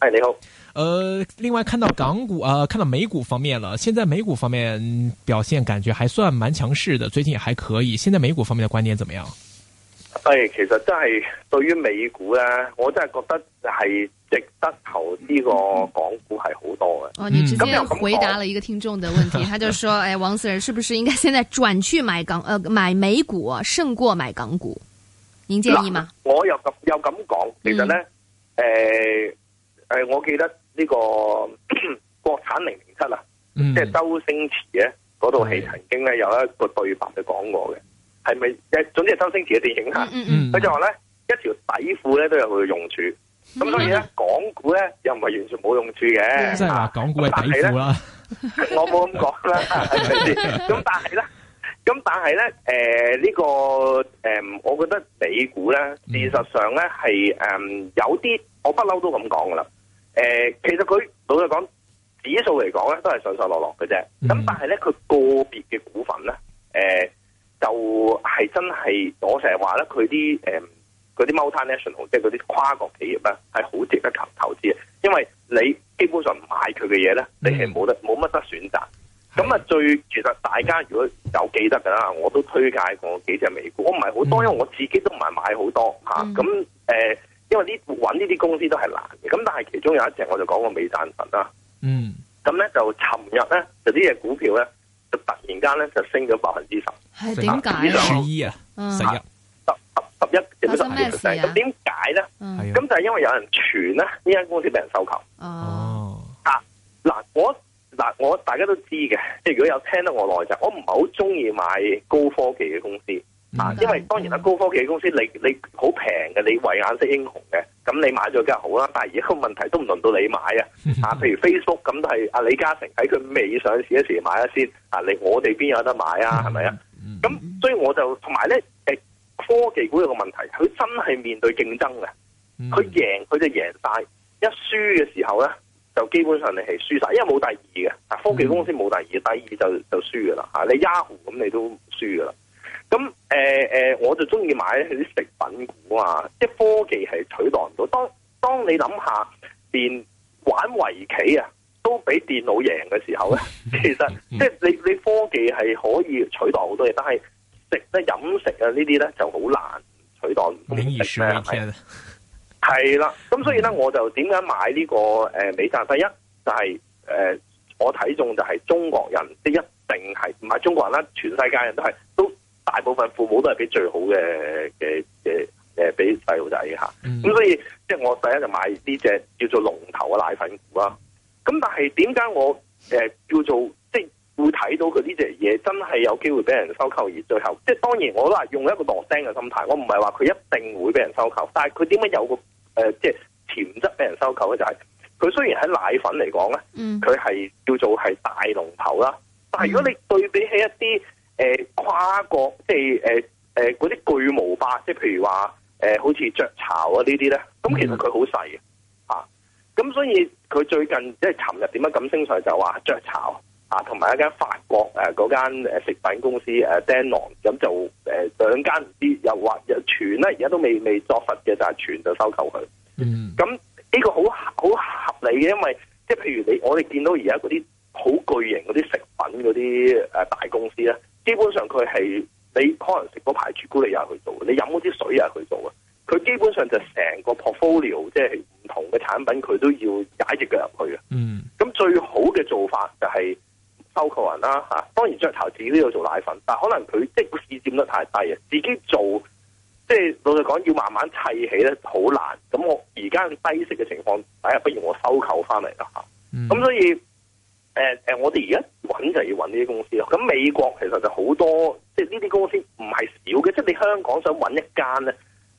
係你好，誒、呃，另外看到港股，啊、呃，看到美股方面了。現在美股方面表現感覺還算蠻強勢的，最近也還可以。現在美股方面的觀點怎麼樣？哎，其實真係對於美股呢，我真係覺得係值得投資，個港股係好多嘅，嗯。哦，你直接回答了一個聽眾的問題，嗯、他就說：誒、 哎，王 Sir，是不是應該現在轉去買港？呃買美股勝過買港股？您建議嗎？我又咁又咁講，其實呢誒。嗯呃誒、呃，我記得呢、這個咳咳國產零零七啊，即係周星馳咧嗰套戲，曾經咧有一個對白佢講過嘅，係咪？誒，總之係周星馳嘅電影吓。佢、嗯嗯、就話咧、嗯，一條底褲咧都有佢嘅用處。咁、嗯、所以咧，港股咧又唔係完全冇用處嘅。即係話港股嘅底褲啦。我冇咁講啦。咁 但係咧，咁但係咧，誒、呃，呢、這個誒、呃，我覺得美股咧，事實上咧係誒有啲，我不嬲都咁講噶啦。誒、呃，其實佢老實講，指數嚟講咧都係上上落落嘅啫。咁但係咧，佢個別嘅股份咧，誒、呃，就係、是、真係我成日話咧，佢啲誒啲、呃、multinational，即係嗰啲跨國企業咧，係好值得投投資嘅。因為你基本上買佢嘅嘢咧，你係冇得冇乜得選擇。咁啊，最其實大家如果有記得噶啦，我都推介過幾隻美股，我唔係好多，mm -hmm. 因為我自己都唔係買好多吓。咁、啊、誒。Mm -hmm. 因為呢搵呢啲公司都係難嘅，咁但係其中有一隻我就講過美贊臣啦，嗯，咁咧就尋日咧就呢隻股票咧就突然間咧就升咗百分之十，係點解呢？樹醫啊，十一，十十十一，十十一。事啊？咁點解咧？咁就係因為有人傳啦，呢間公司俾人收購。哦，啊嗱，我嗱我大家都知嘅，即係如果有聽得我耐就，我唔係好中意買高科技嘅公司。嗱、啊，因為當然啦，高科技公司你你好平嘅，你慧眼識英雄嘅，咁你買咗梗係好啦。但係而家個問題都唔輪到你買啊。啊，譬如 Facebook 咁都係阿李嘉誠喺佢未上市嗰時買一先。啊，你我哋邊有得買啊？係咪啊？咁所以我就同埋咧，誒，科技股有個問題，佢真係面對競爭嘅，佢贏佢就贏晒，一輸嘅時候咧就基本上你係輸晒，因為冇第二嘅。科技公司冇第二，第二就就輸噶啦。吓，你 Yahoo 咁你都輸噶啦。咁誒誒，我就中意買啲食品股啊，即係科技係取代唔到。當當你諗下，連玩圍棋啊都俾電腦贏嘅時候咧， 其實 即係你你科技係可以取代好多嘢，但係食咧飲食啊呢啲咧就好難取代。唔容易輸俾天啊！係啦，咁所以咧，我就點解買呢、這個誒、呃、美贊？第一就係、是、誒、呃，我睇中就係中國人，即係一定係唔係中國人啦，全世界人都係都。大部分父母都係俾最好嘅嘅嘅，誒，俾細路仔吓。咁所以，即係我第一次就買呢隻叫做龍頭嘅奶粉股啦。咁但係點解我誒、呃、叫做即係、就是、會睇到佢呢隻嘢真係有機會俾人收購而最後，即、就、係、是、當然我都係用一個落訂嘅心態，我唔係話佢一定會俾人收購，但係佢點解有個誒即係潛質俾人收購咧？就係、是、佢雖然喺奶粉嚟講咧，佢、嗯、係叫做係大龍頭啦，但係如果你對比起一啲，嗯誒、呃、跨國即係誒誒嗰啲巨無霸，即係譬如話誒、呃、好似雀巢啊呢啲咧，咁其實佢好細嘅嚇，咁、mm. 啊、所以佢最近即係尋日點樣咁升上就話雀巢啊，同埋一間法國誒嗰、啊、間食品公司誒、啊、Danone，咁就誒、啊、兩間啲又話又傳咧，而家都未未作實嘅，就係、是、傳就收購佢。嗯、mm. 啊，咁呢個好好合理嘅，因為即係譬如你我哋見到而家嗰啲好巨型嗰啲食品嗰啲誒大公司咧。基本上佢係你可能食嗰排朱古力又去做，你飲嗰啲水又去做。啊！佢基本上就成個 portfolio，即係唔同嘅產品，佢都要踩隻腳入去嗯，咁、mm. 最好嘅做法就係收購人啦吓。當然雀巢自己都要做奶粉，但可能佢即市占得太低啊！自己做即係老實講，要慢慢砌起咧，好難。咁我而家低息嘅情況，底下，不如我收購翻嚟啦吓。咁、mm. 所以。誒、呃、誒，我哋而家搵就要搵呢啲公司咯。咁美國其實就好多，即係呢啲公司唔係少嘅。即係你香港想搵一間咧，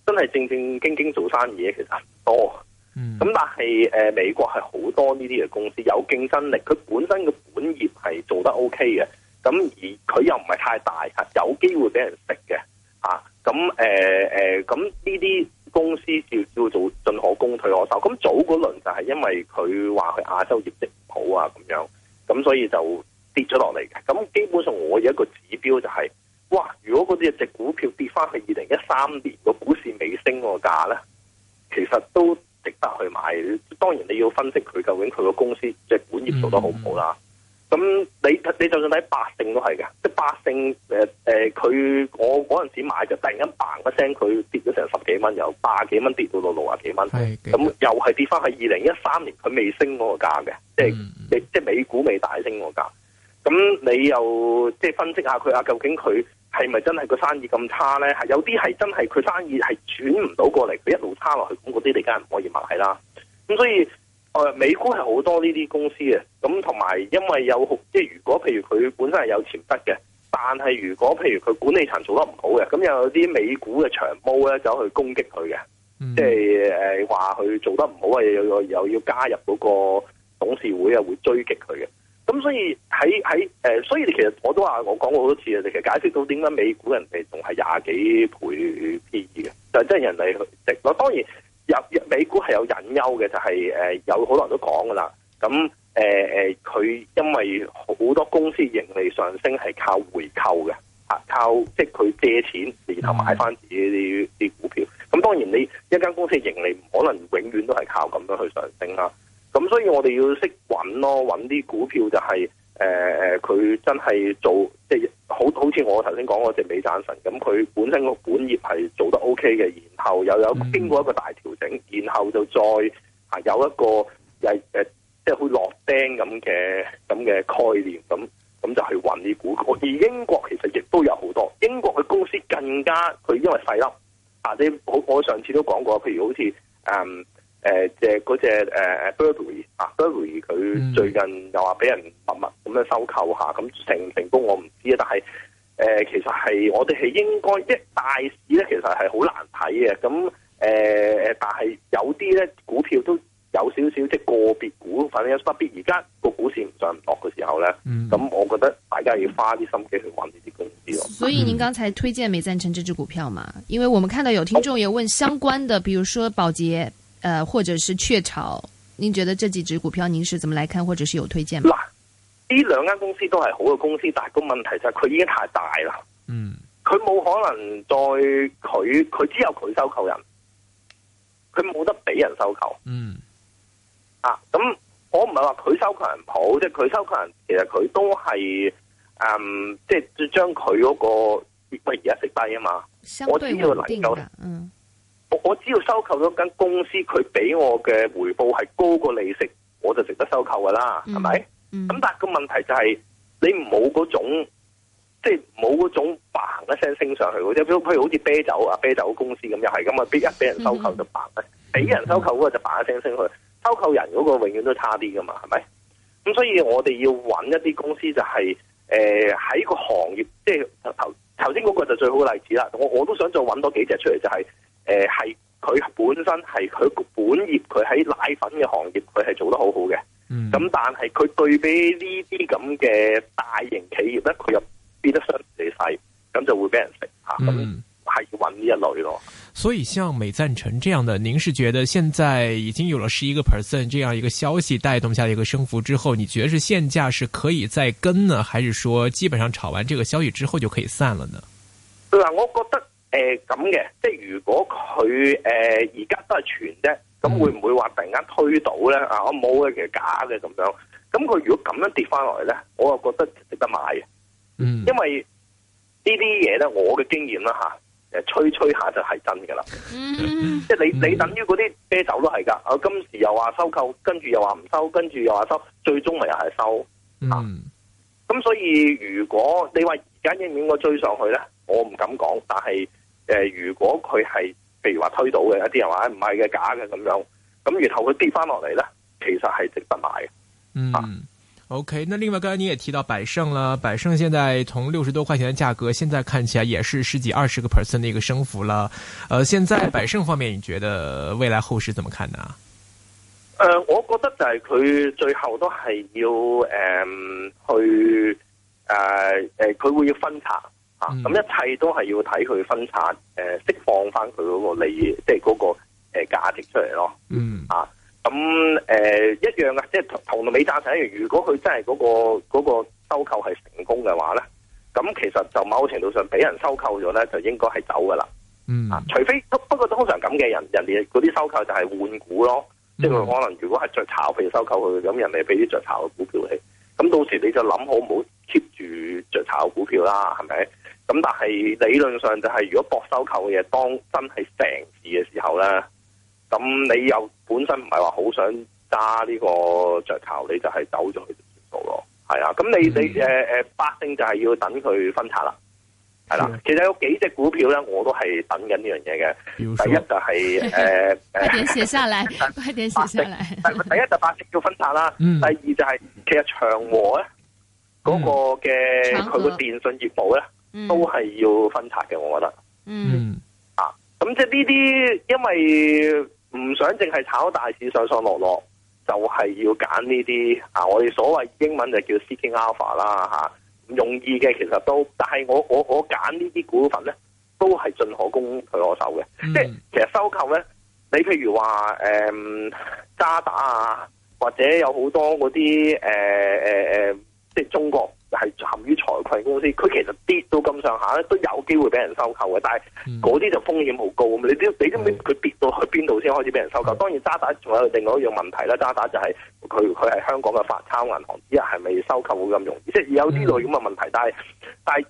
真係正正經經做生意嘅，其實唔多。咁、嗯、但係誒、呃、美國係好多呢啲嘅公司有競爭力，佢本身嘅本業係做得 OK 嘅。咁而佢又唔係太大，有機會俾人食嘅。吓、啊，咁誒誒，咁呢啲公司叫叫做進可攻退可守。咁早嗰輪就係因為佢話佢亞洲業績唔好啊，咁樣。咁所以就跌咗落嚟嘅。咁基本上我有一個指標就係、是，哇！如果嗰隻隻股票跌翻去二零一三年個股市未升個價咧，其實都值得去買。當然你要分析佢究竟佢個公司即係、就是、管業做得好唔好啦。嗯咁你你就算睇百勝都係嘅，即係百勝，誒、呃、誒，佢我嗰陣時買就突然間嘭一聲，佢跌咗成十幾蚊，由百幾蚊跌到六十幾蚊是又是跌回到六十幾蚊，咁又係跌翻喺二零一三年，佢未升嗰個價嘅、嗯嗯，即係即係美股未大升個價。咁你又即係分析下佢啊，究竟佢係咪真係個生意咁差咧？有啲係真係佢生意係轉唔到過嚟，佢一路差落去，咁嗰啲你梗係唔可以買啦。咁所以。誒美股係好多呢啲公司嘅，咁同埋因為有即係如果譬如佢本身係有潛質嘅，但係如果譬如佢管理層做得唔好嘅，咁又有啲美股嘅長毛咧走去攻擊佢嘅、嗯，即係誒話佢做得唔好啊，又又又要加入嗰個董事會啊，會追擊佢嘅。咁所以喺喺誒，所以其實我都話我講過好多次啊，其實解釋到點解美股人哋仲係廿幾倍 P E 嘅，就真、是、係人哋去值咯。當然。有美股係有隱憂嘅，就係、是、誒有好多人都講噶啦。咁誒誒，佢、呃、因為好多公司盈利上升係靠回購嘅，嚇靠即係佢借錢然後買翻自己啲啲股票。咁當然你一間公司盈利唔可能永遠都係靠咁樣去上升啦。咁所以我哋要識揾咯，揾啲股票就係、是。誒、呃、誒，佢真係做即係、就是、好好似我頭先講嗰隻美贊臣咁，佢本身個本業係做得 OK 嘅，然後又有經過一個大調整，然後就再、啊、有一個誒誒，即係會落釘咁嘅咁嘅概念，咁咁就係雲股股。而英國其實亦都有好多，英國嘅公司更加佢因為細粒啊，你我我上次都講過，譬如好似誒、呃，即、那、係、個、嗰隻誒誒 Burberry 啊 Burberry 佢最近又話俾人密密咁樣收購下，咁成唔成功我唔知啊。但係誒、呃，其實係我哋係應該即係大市咧，其實係好難睇嘅。咁誒誒，但係有啲咧股票都有少少即係個別股，反正有不必而家個股市唔上唔落嘅時候咧。咁、嗯嗯、我覺得大家要花啲心機去搵呢啲公司咯。所以您剛才推薦美贊臣這隻股票嘛、嗯？因為我們看到有聽眾也問相關的，哦、比如說保潔。誒、呃，或者是雀巢，您覺得這幾隻股票您是怎麼來看，或者是有推薦嗎？嗱，呢兩間公司都係好嘅公司，但係個問題就係佢已經太大啦。嗯，佢冇可能再佢，佢只有佢收購人，佢冇得俾人收購。嗯，啊，咁我唔係話佢收購人唔好，即係佢收購人其實佢都係，嗯，即係將佢嗰個業績一直低啊嘛。相對嚟講，嗯。我我只要收購咗間公司，佢俾我嘅回報係高過利息，我就值得收購噶啦，係咪？咁、嗯嗯、但係個問題就係、是、你冇嗰種，即係冇嗰種嘭一聲升上去啲，譬如好似啤酒啊啤酒公司咁，又係咁啊，一俾人收購就嘭，俾、嗯、人收購嗰個就嘭一聲升去，收購人嗰個永遠都差啲噶嘛，係咪？咁所以我哋要揾一啲公司就係誒喺個行業，即係頭頭先嗰個就最好嘅例子啦。我我都想再揾多幾隻出嚟、就是，就係。誒、呃，係佢本身係佢本業，佢喺奶粉嘅行業，佢係做得好好嘅。咁、嗯、但係佢對比呢啲咁嘅大型企業咧，佢又變得相對細，咁就會俾人食吓。咁、啊、係、嗯、要揾呢一類咯。所以像美贊臣這樣的，您是覺得現在已經有了十一個 percent 這樣一個消息帶動下一個升幅之後，你覺得是現價是可以再跟呢，還是說基本上炒完這個消息之後就可以散了呢？對啊，我覺得。誒、呃，咁嘅，即係如果佢誒而家都係傳啫，咁會唔會話突然間推倒咧？啊，我冇嘅，其實假嘅咁樣。咁佢如果咁樣跌翻落嚟咧，我又覺得值得買嘅。嗯，因為呢啲嘢咧，我嘅經驗啦吓，誒吹吹，吹下就係真噶啦。嗯，即，即係你你等於嗰啲啤酒都係噶。我今時又話收購，跟住又話唔收，跟住又話收，最終咪又係收。嗯、啊。咁所以如果你話而家應唔應該追上去咧，我唔敢講，但係。誒、呃，如果佢係譬如話推到嘅一啲人話，唔係嘅假嘅咁樣，咁然後佢跌翻落嚟咧，其實係值得買嘅。嗯、啊、，OK。那另外，剛才你也提到百勝啦，百勝現在從六十多塊錢嘅價格，現在看起來也是十幾二十個 percent 嘅一個升幅啦。呃，現在百勝方面，你覺得未來後市怎麼看呢？誒、呃，我覺得就係佢最後都係要誒、呃、去誒誒，佢、呃呃、會要分拆。咁、嗯、一切都係要睇佢分拆，誒釋放翻佢嗰個利益，即係嗰個誒價、呃、值出嚟咯、啊。嗯，啊、嗯，咁、嗯、誒一樣嘅，即、就、係、是、同同美贊臣一樣。如果佢真係嗰、那個嗰、那個收購係成功嘅話咧，咁其實就某程度上俾人收購咗咧，就應該係走噶啦。嗯，啊，除非不不過通常咁嘅人，人哋嗰啲收購就係換股咯，即、嗯、係、就是、可能如果係雀巢譬如收購佢，咁人哋俾啲雀巢嘅股票你，咁到時你就諗好唔好 keep 住雀巢嘅股票啦，係咪？咁但係理論上就係如果博收購嘅嘢，當真係成事嘅時候咧，咁你又本身唔係話好想揸呢個着球，你就係走咗去全部咯，係啊。咁你你誒誒、呃、百勝就係要等佢分拆啦，係啦。其實有幾隻股票咧，我都係等緊呢樣嘢嘅。第一就係誒點寫下嚟快點寫 第一就是百勝要分拆啦、嗯，第二就係、是、其實長和咧嗰、那個嘅佢個電信業務咧。嗯、都係要分拆嘅，我覺得。嗯。啊，咁即係呢啲，因為唔想淨係炒大市上上落落，就係、是、要揀呢啲啊。我哋所謂英文就叫 seeking alpha 啦、啊，吓，唔容易嘅其實都。但係我我我揀呢啲股份咧，都係進可攻退可守嘅。即、嗯、係其實收購咧，你譬如話誒、呃、渣打啊，或者有好多嗰啲誒誒誒，即係中國。係陷於財困公司，佢其實跌到咁上下咧，都有機會俾人收購嘅。但係嗰啲就風險好高，你知你知唔知佢跌到去邊度先開始俾人收購？當然渣打仲有另外一樣問題啦，渣打就係佢佢係香港嘅發鈔銀行，之一，係咪收購會咁容易？即係有啲類咁嘅問題。但係但係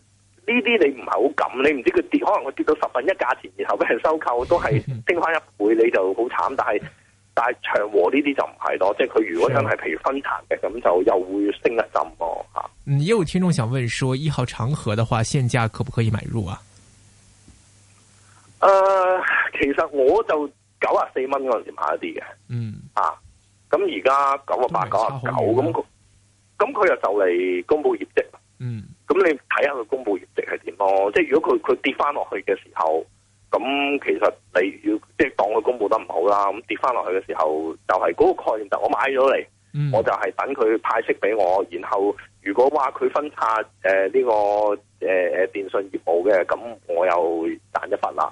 呢啲你唔係好敢，你唔知佢跌，可能佢跌到十分一價錢，然後俾人收購都係升翻一倍，你就好慘。但係。但係長和呢啲就唔係咯，即係佢如果真係譬如分拆嘅，咁就又會升一陣咯吓。嗯，有聽眾想問說，一號長和嘅話，現價可唔可以買入啊？誒、呃，其實我就九啊四蚊嗰陣時買一啲嘅，嗯啊，咁而家九啊八、九啊九咁，咁佢又就嚟公布業績，嗯，咁你睇下佢公佈業績係點咯，即係如果佢佢跌翻落去嘅時候。咁其實你要即係當佢公佈得唔好啦，咁跌翻落去嘅時候，就係、是、嗰個概念就我買咗嚟、嗯，我就係等佢派息俾我，然後如果話佢分拆誒呢個誒誒、呃、電信業務嘅，咁我又賺一筆啦。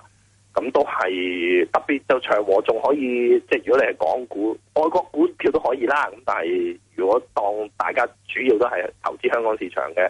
咁都係特別就長和仲可以，即、就、係、是、如果你係港股、外國股票都可以啦。咁但係如果當大家主要都係投資香港市場嘅，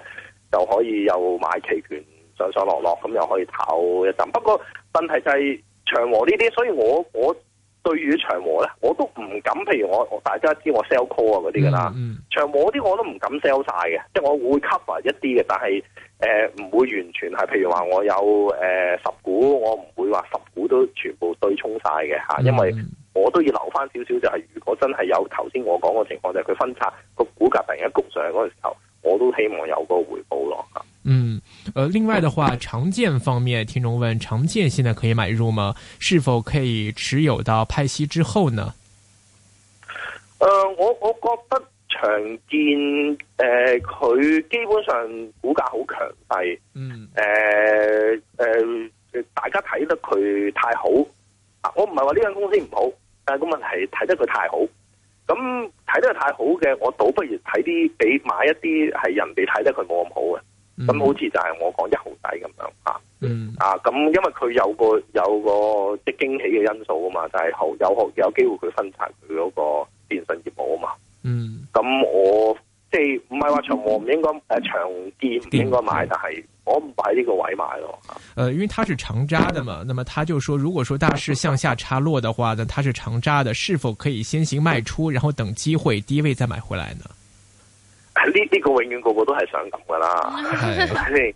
就可以又買期權。上上落落咁又可以唞一陣，不過問題就係長和呢啲，所以我我對於長和咧，我都唔敢。譬如我大家知我 sell call 啊嗰啲噶啦，mm -hmm. 長和嗰啲我都唔敢 sell 晒嘅，即係我會 cover 一啲嘅，但係誒唔會完全係。譬如話我有誒十、呃、股，我唔會話十股都全部對沖晒嘅吓，mm -hmm. 因為我都要留翻少少。就係如果真係有頭先我講嘅情況，就係佢分拆個股價突然間焗上嗰時候，我都希望有個回報咯嗯，另外的話，長健方面，聽眾問長健現在可以買入嗎？是否可以持有到派息之後呢？呃、我我覺得長健佢、呃、基本上股價好強勢，嗯呃呃，大家睇得佢太好，我唔係話呢間公司唔好，但係個問題睇得佢太好，咁睇得佢太好嘅，我倒不如睇啲比買一啲係人哋睇得佢冇咁好嘅。咁好似就係我講一毫仔咁樣啊，嗯啊咁、嗯嗯嗯，因為佢有個有個即係驚喜嘅因素啊嘛，就係、是、好有好有機會去分拆佢嗰個電信業務啊嘛，嗯，咁、嗯嗯、我即係唔係話長和唔應該誒、呃，長電唔應該買，但係我唔擺呢個位買咯。誒、呃，因為它是長揸的嘛，那麼他就說，如果說大市向下插落的話，呢，它是長揸的，是否可以先行賣出，然後等機會低位再買回來呢？呢、這、呢個永遠個個都係想咁噶啦，咁 但係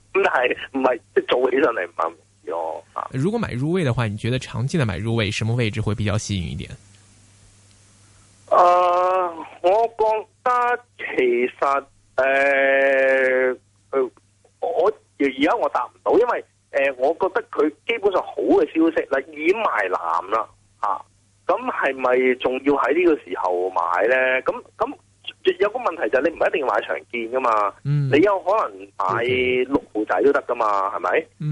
唔係做起上嚟，唔啱咯。如果買入位嘅話，你覺得長期嘅買入位，什麼位置會比較吸引一點？誒、呃，我覺得其實誒、呃，我而家我答唔到，因為誒，我覺得佢基本上好嘅消息嗱染埋藍啦，吓咁係咪仲要喺呢個時候買咧？咁咁。有個問題就係你唔一定要買長建㗎嘛，嗯,你有可能買六號仔都得㗎嘛，係咪？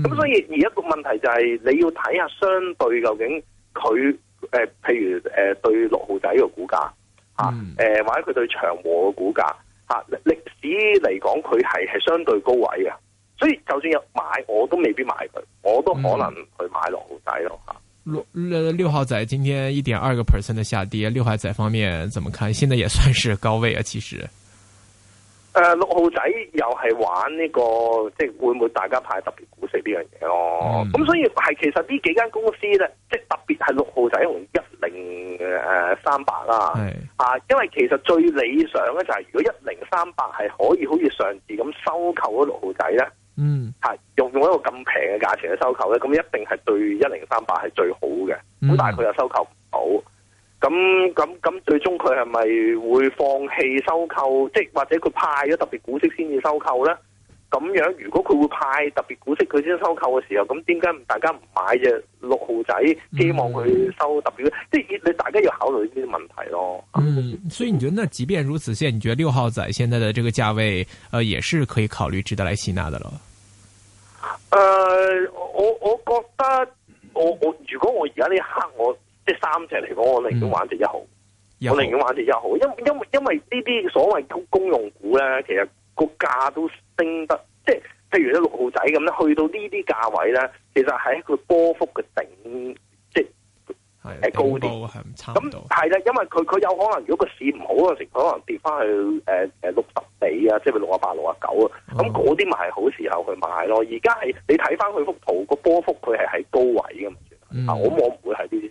咁、嗯、所以而家個問題就係你要睇下相對究竟佢、呃、譬如誒、呃、對六號仔個股價、啊嗯、或者佢對長和個股價嚇、啊，歷史嚟講佢係相對高位啊，所以就算有買我都未必買佢，我都可能去買六號仔咯。啊。六六,六號仔今天一點二個 percent 的下跌，六號仔方面怎麼看？現在也算是高位啊，其實。誒、呃，六號仔又係玩呢、這個，即係會唔會大家派特別股息呢樣嘢咯？咁、哦、所以係其實呢幾間公司咧，即係特別係六號仔同一零誒三八啦，啊，因為其實最理想咧就係如果一零三八係可以好似上次咁收購咗六號仔咧。嗯，係用用一個咁平嘅價錢去收購咧，咁一定係對一零三八係最好嘅。咁但係佢又收購唔到，咁咁咁最終佢係咪會放棄收購？即係或者佢派咗特別股息先至收購咧？咁樣，如果佢會派特別股息，佢先收購嘅時候，咁點解大家唔買隻六號仔，希望佢收特別，即係你大家要考慮呢啲問題咯。嗯，所以你覺得，那即便如此，現在你覺得六號仔現在的這個價位，呃，也是可以考慮值得來吸納的咯。呃，我我覺得，如果我而家呢一我即係三隻嚟講，我寧願玩隻一號，我寧願玩隻一號，因因為因為呢啲所謂公用股呢，其實個價都。升得即係，譬如咧六號仔咁咧，去到呢啲價位咧，其實喺一個波幅嘅頂，即係係高啲，係差唔多。咁係啦，因為佢佢有可能，如果個市唔好嗰陣時候，可能跌翻去誒誒、呃、六十幾啊，即係六啊八、六啊九啊，咁嗰啲咪係好時候去買咯。而家係你睇翻佢幅圖個波幅，佢係喺高位噶嘛，咁我唔會係呢啲。啊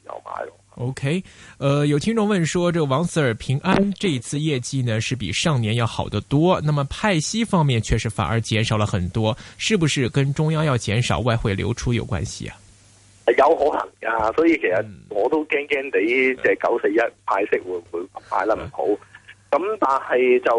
O、okay, K，呃，有聽眾問說，這個、王 Sir 平安這一次業績呢，是比上年要好得多。那麼派息方面，確實反而減少了很多，是不是跟中央要減少外匯流出有關係啊？有可能㗎，所以其實我都驚驚地，即係九四一派息會唔會派得唔好？咁、嗯、但係就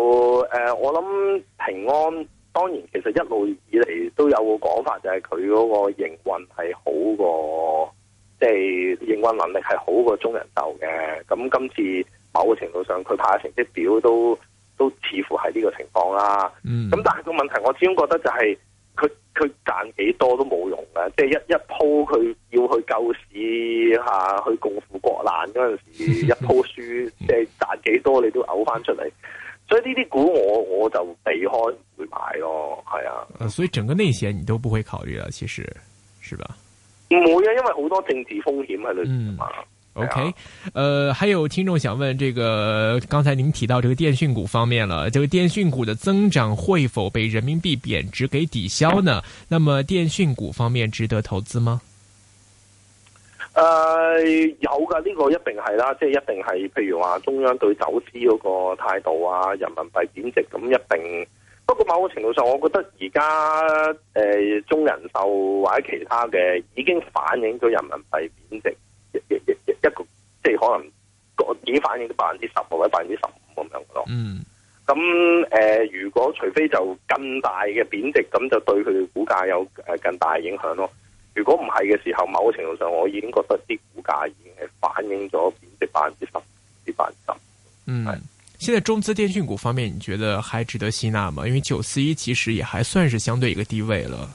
誒、呃，我諗平安當然其實一路以嚟都有個講法，就係佢嗰個營運係好過。即、就、係、是、營運能力係好過中人斗嘅。咁，今次某個程度上佢派成績表都都似乎係呢個情況啦。咁、嗯、但係個問題，我始終覺得就係佢佢賺幾多都冇用嘅，即、就、係、是、一一鋪佢要去救市吓、啊，去共赴國難嗰陣時，一鋪輸，即係賺幾多你都嘔翻出嚟。 所以呢啲股我我就避開唔會買咯。係啊、呃，所以整個內線你都不會考慮啦，其實是吧？唔會啊，因為好多政治風險喺裏面啊。OK，誒、呃，還有聽眾想問，這個剛才您提到這個電訊股方面了，這個電訊股的增長會否被人民幣貶值給抵消呢？那麼電訊股方面值得投資嗎？誒、呃，有㗎，呢、這個一定係啦，即係一定係，譬如話中央對走私嗰個態度啊，人民幣貶值咁一定。不過某個程度上，我覺得而家誒中人壽或者其他嘅已經反映咗人民幣貶值一一個即係可能個已經反映咗百分之十或者百分之十五咁樣咯。嗯。咁誒，如果除非就更大嘅貶值，咁就對佢嘅股價有誒更大影響咯。如果唔係嘅時候，某個程度上我已經覺得啲股價已經係反映咗貶值百分之十至百分之十。嗯。係。現在中資電訊股方面，你覺得還值得吸納嗎？因為九四一其實也還算是相對一個低位了。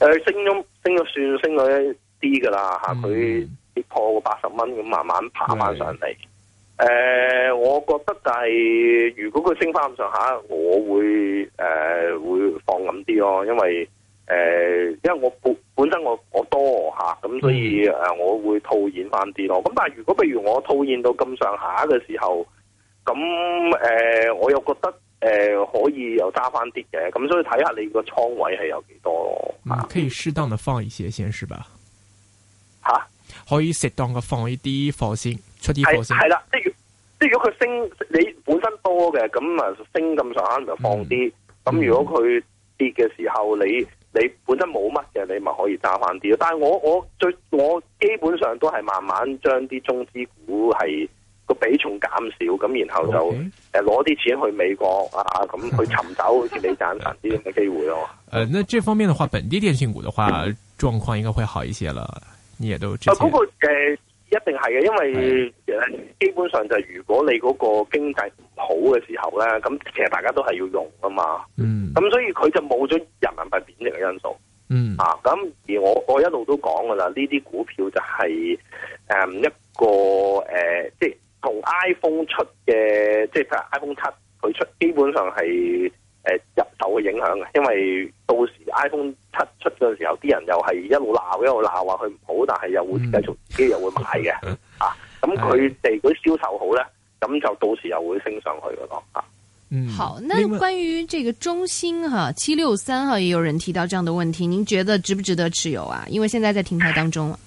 誒、呃，升咗升咗算升咗一啲噶啦吓，佢、嗯、跌破個八十蚊咁，慢慢爬翻上嚟。誒、呃，我覺得就係如果佢升翻咁上下，我會誒、呃、會放咁啲咯，因為誒、呃、因為我本本身我我多吓咁，啊、所以誒、呃、我會套現翻啲咯。咁但係如果譬如我套現到咁上下嘅時候，咁、嗯、誒、呃，我又覺得誒、呃、可以又揸翻啲嘅，咁所以睇下你個倉位係有幾多咯、啊嗯。可以適當嘅放一些先，是吧？吓、啊，可以適當嘅放一啲貨先，出啲貨先。係啦，即係即係如果佢升，你本身多嘅，咁啊升咁上下咪放啲。咁、嗯、如果佢跌嘅時候，嗯、你你本身冇乜嘅，你咪可以揸翻啲。但係我我最我基本上都係慢慢將啲中資股係。比重減少咁，然後就誒攞啲錢去美國，okay. 啊，咁去尋找好似美賺神啲咁嘅機會咯。誒、呃，那這方面嘅話，本地電信股嘅話，狀況應該會好一些啦。你亦都嗰、啊那個、呃、一定係嘅，因為誒基本上就係如果你嗰個經濟唔好嘅時候咧，咁其實大家都係要用㗎嘛。嗯，咁所以佢就冇咗人民幣貶值嘅因素。嗯啊，咁而我我一路都講噶啦，呢啲股票就係、是、誒、呃、一個誒、呃、即係。同 iPhone 出嘅，即係譬如 iPhone 七，佢出基本上係誒入手嘅影響啊。因為到時 iPhone 七出嘅時候，啲人又係一路鬧一路鬧，話佢唔好，但係又會繼續，自己又會買嘅、嗯、啊。咁佢哋啲銷售好咧，咁就到時又會升上去嘅咯。啊、嗯，好。那關於這個中興哈七六三哈，號也有人提到這樣的問題，您覺得值不值得持有啊？因為現在在停牌當中。嗯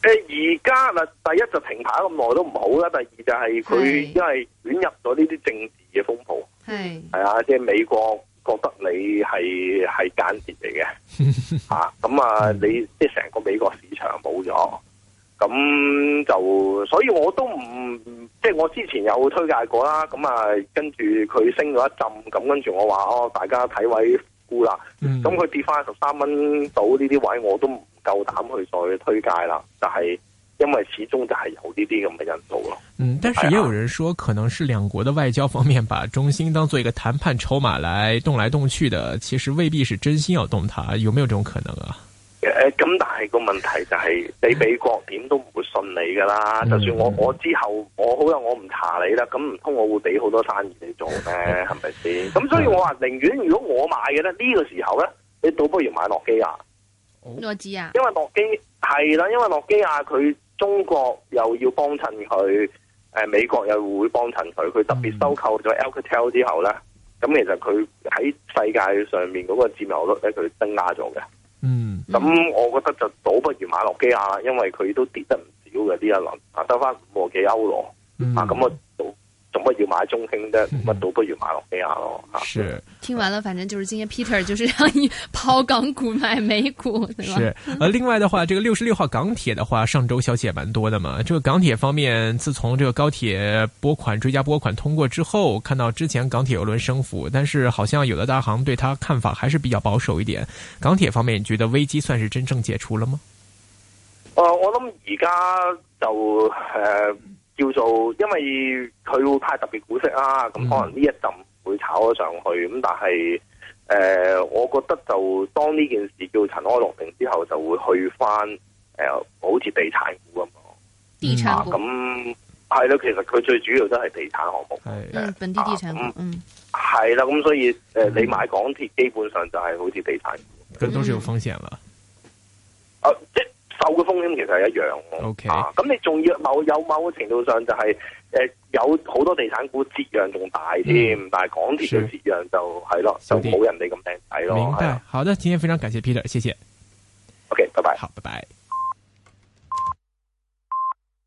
誒，而家嗱，第一就停牌咁耐都唔好啦，第二就係佢因為捲入咗呢啲政治嘅風暴，係係啊，即係、就是、美國覺得你係係間諜嚟嘅，吓咁 啊，你即係成個美國市場冇咗，咁就所以我都唔即係我之前有推介過啦，咁啊，跟住佢升咗一浸，咁跟住我話哦，大家睇位估啦，咁佢跌翻十三蚊到呢啲位，我都，夠膽去再推介啦，但係因為始終就係有呢啲咁嘅因素咯。嗯，但係也有人說，可能是兩國嘅外交方面把中興當做一個談判籌碼來動來動去的，其實未必是真心要動它，有沒有這種可能啊？咁、嗯嗯嗯、但係個問題就係、是、你美國點都唔會信你噶啦，就算我我之後我好有我唔查你啦，咁唔通我會俾好多生意你做咩？係咪先？咁所以我話寧願如果我買嘅咧，呢、這個時候呢，你倒不如買諾基亞。我知啊，因為諾基係啦，因為諾基亞佢中國又要幫襯佢，誒美國又會幫襯佢，佢特別收購咗 Alcatel 之後咧，咁、嗯、其實佢喺世界上面嗰個佔有率咧，佢增加咗嘅。嗯、咁、嗯、我覺得就倒不如買諾基亞，因為佢都跌得唔少嘅呢一輪，得翻五個幾歐羅啊，咁我。仲不如買中興的，乜都不如買諾基亞咯是，聽完了，反正就是今天 Peter 就是讓你拋港股買美股。吧是，呃，另外的話，這個六十六號港鐵的話，上周消息也蠻多的嘛。這個港鐵方面，自從這個高鐵撥款追加撥款通過之後，看到之前港鐵有輪升幅，但是好像有的大行對它看法還是比較保守一點。港鐵方面，你覺得危機算是真正解除了嗎？誒、呃，我諗而家就呃叫做，因為佢會派特別股息啦，咁可能呢一陣會炒咗上去，咁、嗯、但係，誒、呃，我覺得就當呢件事叫塵埃落定之後，就會去翻誒、呃，好似地產股咁。地產咁係咯，其實佢最主要都係地產項目，係、啊、本地，地產股，嗯，係啦，咁所以，誒，你買港鐵基本上就係好似地產股，咁都少風險啦。啊即受嘅風險其實係一樣，OK，咁、啊、你仲要某有某個程度上就係、是、誒、呃、有好多地產股折讓仲大添、嗯，但係港鐵嘅折讓就係咯，就冇人哋咁靚仔咯。明白，好的，今天非常感謝 Peter，謝謝。OK，拜拜，好，拜拜。